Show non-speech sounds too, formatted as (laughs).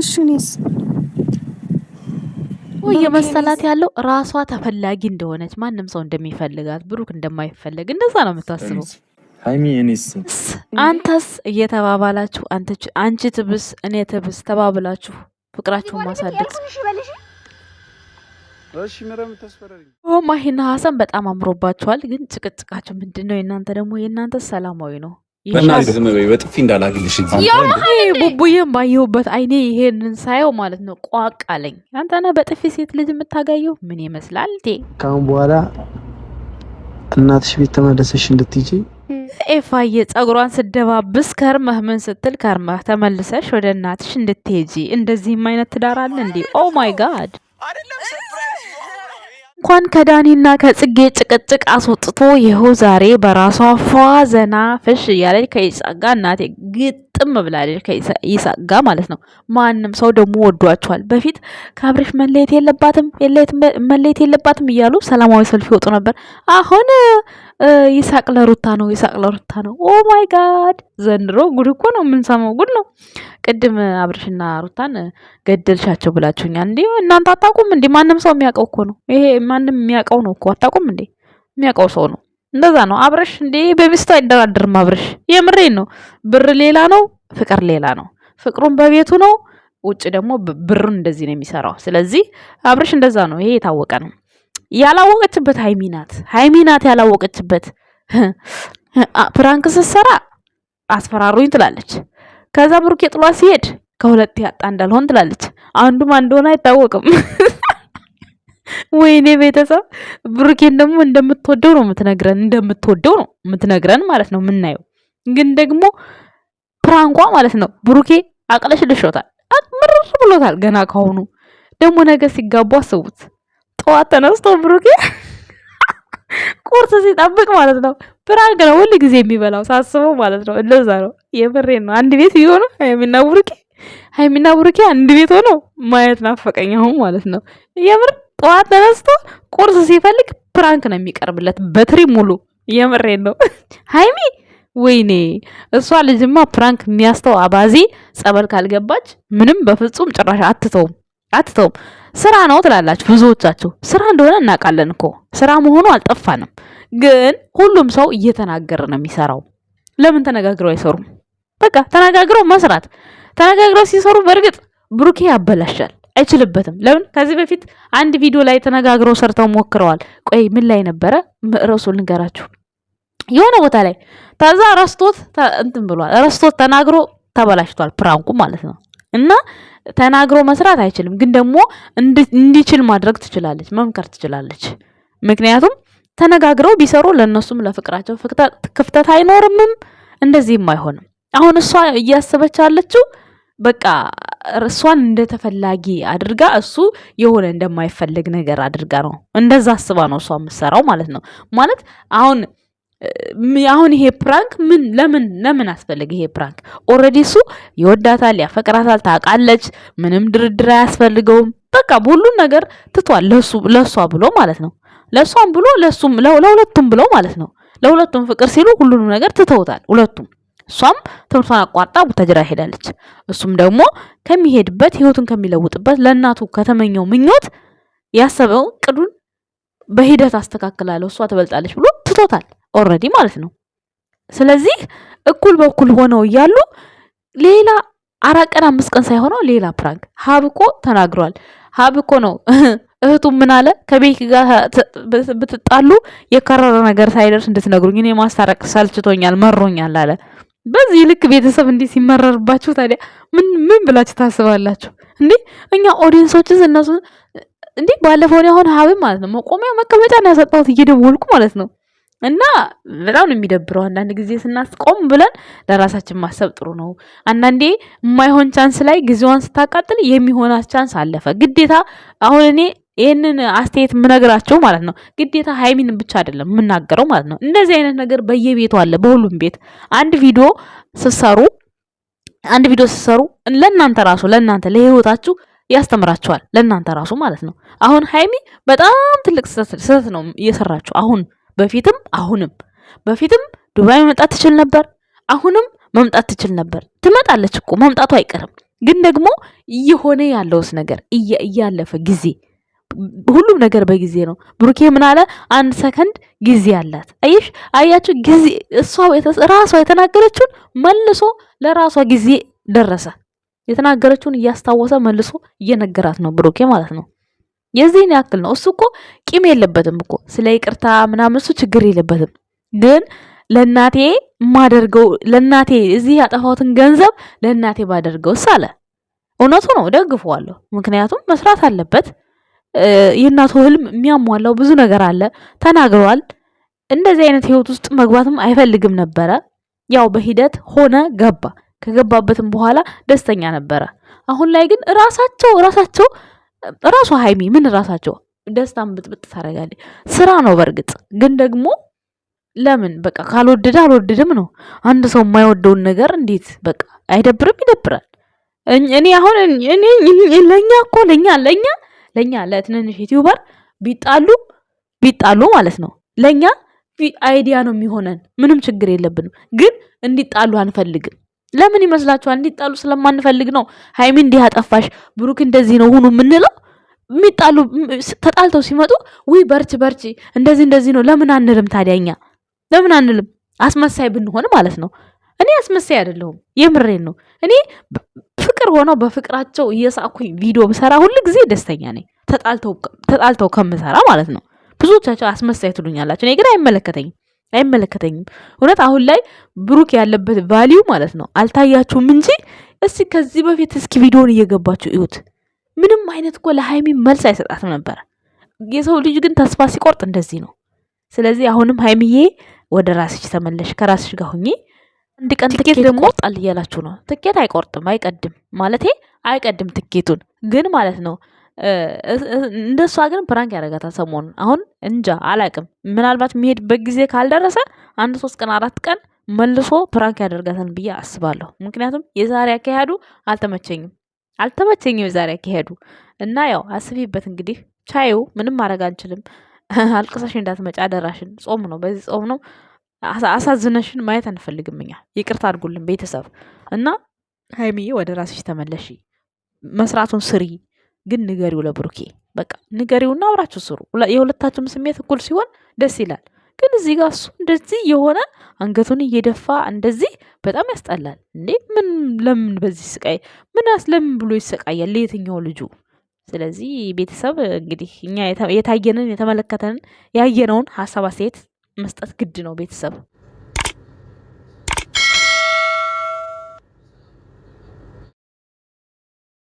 እሺ እኔስ እየመሰላት ያለው ራሷ ተፈላጊ እንደሆነች ማንም ሰው እንደሚፈልጋት ብሩክ እንደማይፈልግ እንደዛ ነው የምታስበው። ሀይሚ እኔስ አንተስ እየተባባላችሁ አንቺ ትብስ እኔ ትብስ ተባብላችሁ ፍቅራችሁን ማሳደግ ማሂና ሀሰን በጣም አምሮባችኋል። ግን ጭቅጭቃችሁ ምንድን ነው? የእናንተ ደግሞ የእናንተ ሰላማዊ ነው። በጥፊ እንዳላግልሽ ቡቡዬን ባየሁበት አይኔ ይሄንን ሳየው ማለት ነው ቋቅ አለኝ። አንተ ነህ በጥፊ ሴት ልጅ የምታጋየው ምን ይመስላል? ካሁን በኋላ እናትሽ ቤት ተመለሰሽ እንድትይጂ ኤፋዬ ጸጉሯን ስደባብስ ከርመህ ምን ስትል ከርመህ ተመልሰሽ ወደ እናትሽ እንድትሄጂ። እንደዚህም አይነት ትዳር አለ እንዴ? ኦ ማይ ጋድ እንኳን ከዳኒና ከጽጌ ጭቅጭቅ አስወጥቶ ይኸው ዛሬ በራሷ ፏ ዘና ፍሽ እያለች ከይጻጋ እናቴ ግጥ ግጥም ብላለች ከይሳቅ ጋር ማለት ነው። ማንም ሰው ደግሞ ወዷቸዋል። በፊት ከአብርሽ መለየት የለባትም መለየት የለባትም እያሉ ሰላማዊ ሰልፍ ይወጡ ነበር። አሁን ይሳቅ ለሩታ ነው ይሳቅ ለሩታ ነው። ኦ ማይ ጋድ! ዘንድሮ ጉድ እኮ ነው የምንሰማው፣ ጉድ ነው። ቅድም አብርሽና ሩታን ገደልሻቸው ብላችሁኛል። እንዲ እናንተ አታውቁም እንዴ? ማንም ሰው የሚያውቀው እኮ ነው ይሄ። ማንም የሚያውቀው ነው እኮ አታውቁም እንዴ? የሚያውቀው ሰው ነው እንደዛ ነው አብረሽ። እንዴ በሚስቱ አይደራደርም አብረሽ። የምሬን ነው። ብር ሌላ ነው፣ ፍቅር ሌላ ነው። ፍቅሩን በቤቱ ነው፣ ውጭ ደግሞ ብሩን እንደዚህ ነው የሚሰራው። ስለዚህ አብረሽ እንደዛ ነው። ይሄ የታወቀ ነው። ያላወቀችበት ሀይሚ ናት፣ ሀይሚ ናት ያላወቀችበት። ፕራንክ ስትሰራ አስፈራሩኝ ትላለች። ከዛ ብሩክ ጥሏ ሲሄድ ከሁለት ያጣ እንዳልሆን ትላለች። አንዱም አንድ ሆነ አይታወቅም። (laughs) ወይኔ ቤተሰብ ብሩኬን ደግሞ እንደምትወደው ነው የምትነግረን፣ እንደምትወደው ነው የምትነግረን ማለት ነው። የምናየው ግን ደግሞ ፕራንኳ ማለት ነው። ብሩኬ አቅለሽ ልሾታል፣ ምርር ብሎታል። ገና ከሆኑ ደግሞ ነገ ሲጋቡ አስቡት። ጠዋት ተነስቶ ብሩኬ (laughs) ቁርስ ሲጠብቅ ማለት ነው። ፕራንክ ነው ሁል ጊዜ የሚበላው ሳስበው ማለት ነው። እንደዛ ነው። የምሬን ነው። አንድ ቤት ቢሆኑ ሀይሚና ብሩኬ ሀይሚና ብሩኬ አንድ ቤት ሆኖ ማየት ናፈቀኝ አሁን ማለት ነው የምር ጠዋት ተነስቶ ቁርስ ሲፈልግ ፕራንክ ነው የሚቀርብለት በትሪ ሙሉ። የምሬን ነው (laughs) ሀይሚ። ወይኔ እሷ ልጅማ ፕራንክ የሚያስተው አባዜ ጸበል ካልገባች ምንም በፍጹም ጭራሽ አትተውም አትተውም። ስራ ነው ትላላችሁ ብዙዎቻችሁ። ስራ እንደሆነ እናውቃለን እኮ ስራ መሆኑ አልጠፋንም። ግን ሁሉም ሰው እየተናገረ ነው የሚሰራው። ለምን ተነጋግረው አይሰሩም? በቃ ተነጋግረው መስራት፣ ተነጋግረው ሲሰሩ በእርግጥ ብሩኬ ያበላሻል፣ አይችልበትም። ለምን ከዚህ በፊት አንድ ቪዲዮ ላይ ተነጋግረው ሰርተው ሞክረዋል። ቆይ ምን ላይ ነበረ? ርዕሱን ልንገራችሁ። የሆነ ቦታ ላይ ተዛ ረስቶት እንትን ብሏል። ረስቶት ተናግሮ ተበላሽቷል። ፕራንኩ ማለት ነው እና ተናግሮ መስራት አይችልም፣ ግን ደግሞ እንዲችል ማድረግ ትችላለች፣ መምከር ትችላለች። ምክንያቱም ተነጋግረው ቢሰሩ ለእነሱም ለፍቅራቸው ክፍተት አይኖርምም፣ እንደዚህም አይሆንም። አሁን እሷ እያሰበች ያለችው በቃ እሷን እንደ ተፈላጊ አድርጋ እሱ የሆነ እንደማይፈልግ ነገር አድርጋ ነው እንደዛ አስባ ነው እሷ የምትሰራው ማለት ነው። ማለት አሁን አሁን ይሄ ፕራንክ ምን ለምን ለምን አስፈልግ? ይሄ ፕራንክ ኦልሬዲ እሱ ይወዳታል፣ ያፈቅራታል፣ ታውቃለች። ምንም ድርድር አያስፈልገውም። በቃ ሁሉን ነገር ትቷል፣ ለእሷ ብሎ ማለት ነው። ለእሷም ብሎ ለእሱም ለሁለቱም ብሎ ማለት ነው። ለሁለቱም ፍቅር ሲሉ ሁሉንም ነገር ትተውታል ሁለቱም እሷም ትምህርቷን አቋርጣ ቡታጅራ ሄዳለች። እሱም ደግሞ ከሚሄድበት ህይወቱን ከሚለውጥበት ለእናቱ ከተመኘው ምኞት ያሰበው ቅዱን በሂደት አስተካክላለሁ እሷ ትበልጣለች ብሎ ትቶታል። ኦልሬዲ ማለት ነው። ስለዚህ እኩል በኩል ሆነው እያሉ ሌላ አራት ቀን አምስት ቀን ሳይሆነው ሌላ ፕራንክ ሀብኮ ተናግሯል። ሀብኮ ነው (laughs) እህቱ ምን አለ ከቤኪ ጋር ብትጣሉ የከረረ ነገር ሳይደርስ እንድትነግሩኝ እኔ ማስታረቅ ሰልችቶኛል መሮኛል አለ። በዚህ ልክ ቤተሰብ እንዲህ ሲመረርባችሁ ታዲያ ምን ምን ብላችሁ ታስባላችሁ እንዴ? እኛ ኦዲየንሶችስ እነሱ እንዴ ባለፈው ነው አሁን ሀብም ማለት ነው መቆሚያ መቀመጫ ነው ያሰጣሁት እየደወልኩ ማለት ነው። እና በጣም ነው የሚደብረው። አንዳንድ ጊዜ ስናስቆም ብለን ለራሳችን ማሰብ ጥሩ ነው። አንዳንዴ የማይሆን ቻንስ ላይ ጊዜዋን ስታቃጥል የሚሆናት ቻንስ አለፈ። ግዴታ አሁን እኔ ይህንን አስተያየት የምነግራቸው ማለት ነው። ግዴታ ሀይሚን ብቻ አይደለም የምናገረው ማለት ነው። እንደዚህ አይነት ነገር በየቤቱ አለ፣ በሁሉም ቤት አንድ ቪዲዮ ስሰሩ አንድ ቪዲዮ ስትሰሩ ለእናንተ ራሱ ለእናንተ ለህይወታችሁ ያስተምራችኋል ለእናንተ ራሱ ማለት ነው። አሁን ሀይሚ በጣም ትልቅ ስህተት ነው እየሰራችሁ አሁን በፊትም አሁንም በፊትም ዱባይ መምጣት ትችል ነበር። አሁንም መምጣት ትችል ነበር። ትመጣለች እኮ መምጣቱ አይቀርም። ግን ደግሞ እየሆነ ያለውስ ነገር እያለፈ ጊዜ ሁሉም ነገር በጊዜ ነው። ብሩኬ ምን አለ? አንድ ሰከንድ ጊዜ አላት። አይሽ አያችሁ፣ ጊዜ እሷ ራሷ የተናገረችውን መልሶ ለራሷ ጊዜ ደረሰ። የተናገረችውን እያስታወሰ መልሶ እየነገራት ነው ብሩኬ ማለት ነው። የዚህን ያክል ነው። እሱ እኮ ቂም የለበትም እኮ ስለ ይቅርታ ምናምን እሱ ችግር የለበትም። ግን ለእናቴ ማደርገው ለእናቴ እዚህ ያጠፋሁትን ገንዘብ ለእናቴ ባደርገው አለ። እውነቱ ነው፣ ደግፈዋለሁ። ምክንያቱም መስራት አለበት የእናቱ ህልም የሚያሟላው ብዙ ነገር አለ ተናግረዋል። እንደዚህ አይነት ህይወት ውስጥ መግባትም አይፈልግም ነበረ። ያው በሂደት ሆነ ገባ። ከገባበትም በኋላ ደስተኛ ነበረ። አሁን ላይ ግን ራሳቸው ራሳቸው ራሱ ሀይሚ ምን ራሳቸው ደስታን ብጥብጥ ታደርጋለች። ስራ ነው በእርግጥ ግን ደግሞ ለምን በቃ ካልወደደ አልወደድም ነው። አንድ ሰው የማይወደውን ነገር እንዴት በቃ አይደብርም? ይደብራል። እኔ አሁን ለእኛ እኮ ለእኛ ለእኛ ለእኛ ለትንንሽ ዩቲዩበር ቢጣሉ ቢጣሉ ማለት ነው ለእኛ አይዲያ ነው የሚሆነን። ምንም ችግር የለብንም። ግን እንዲጣሉ አንፈልግም። ለምን ይመስላችኋል? እንዲጣሉ ስለማንፈልግ ነው። ሀይሚ እንዲህ አጠፋሽ፣ ብሩክ እንደዚህ ነው ሁኑ የምንለው። የሚጣሉ ተጣልተው ሲመጡ ውይ በርች በርች እንደዚህ እንደዚህ ነው ለምን አንልም? ታዲያ እኛ ለምን አንልም? አስመሳይ ብንሆን ማለት ነው። እኔ አስመሳይ አይደለሁም፣ የምሬን ነው። እኔ ፍቅር ሆነው በፍቅራቸው እየሳኩኝ ቪዲዮ ብሰራ ሁል ጊዜ ደስተኛ ነኝ። ተጣልተው ከምሰራ ማለት ነው። ብዙዎቻቸው አስመሳይ ትሉኛላቸው። እኔ ግን አይመለከተኝም አይመለከተኝም። እውነት አሁን ላይ ብሩክ ያለበት ቫሊዩ ማለት ነው አልታያችሁም እንጂ እስኪ ከዚህ በፊት እስኪ ቪዲዮን እየገባችሁ እዩት። ምንም አይነት እኮ ለሀይሚ መልስ አይሰጣትም ነበረ። የሰው ልጅ ግን ተስፋ ሲቆርጥ እንደዚህ ነው። ስለዚህ አሁንም ሀይሚዬ ወደ ራስሽ ተመለሽ፣ ከራስሽ ጋር ሁኜ አንድ ቀን ትኬት ይቆርጣል እያላችሁ ነው። ትኬት አይቆርጥም፣ አይቀድም ማለት አይቀድም ትኬቱን ግን ማለት ነው። እንደሷ ግን ፕራንክ ያደርጋታል ሰሞኑን። አሁን እንጃ አላቅም፣ ምናልባት የሚሄድበት ጊዜ ካልደረሰ አንድ ሶስት ቀን አራት ቀን መልሶ ፕራንክ ያደርጋታል ብዬ አስባለሁ። ምክንያቱም የዛሬ አካሄዱ አልተመቸኝም፣ አልተመቸኝም የዛሬ አካሄዱ እና ያው አስቢበት እንግዲህ ቻዩ። ምንም ማድረግ አንችልም። (laughs) አልቅሳሽ እንዳትመጪ አደራሽን። ጾም ነው፣ በዚህ ጾም ነው አሳዝነሽን ማየት አንፈልግም እኛ። ይቅርታ አድርጉልን ቤተሰብ እና ሀይሚዬ ወደ ራስሽ ተመለሽ፣ መስራቱን ስሪ፣ ግን ንገሪው ለብሩኬ በቃ ንገሪውና አብራችሁ ስሩ። የሁለታችሁም ስሜት እኩል ሲሆን ደስ ይላል። ግን እዚህ ጋር እሱ እንደዚህ የሆነ አንገቱን እየደፋ እንደዚህ በጣም ያስጠላል። እንዴ ምን ለምን በዚህ ስቃይ ምን ለምን ብሎ ይሰቃያል ለየትኛው ልጁ? ስለዚህ ቤተሰብ እንግዲህ እኛ የታየንን የተመለከተንን ያየነውን ሀሳብ አስተያየት መስጠት ግድ ነው ቤተሰብ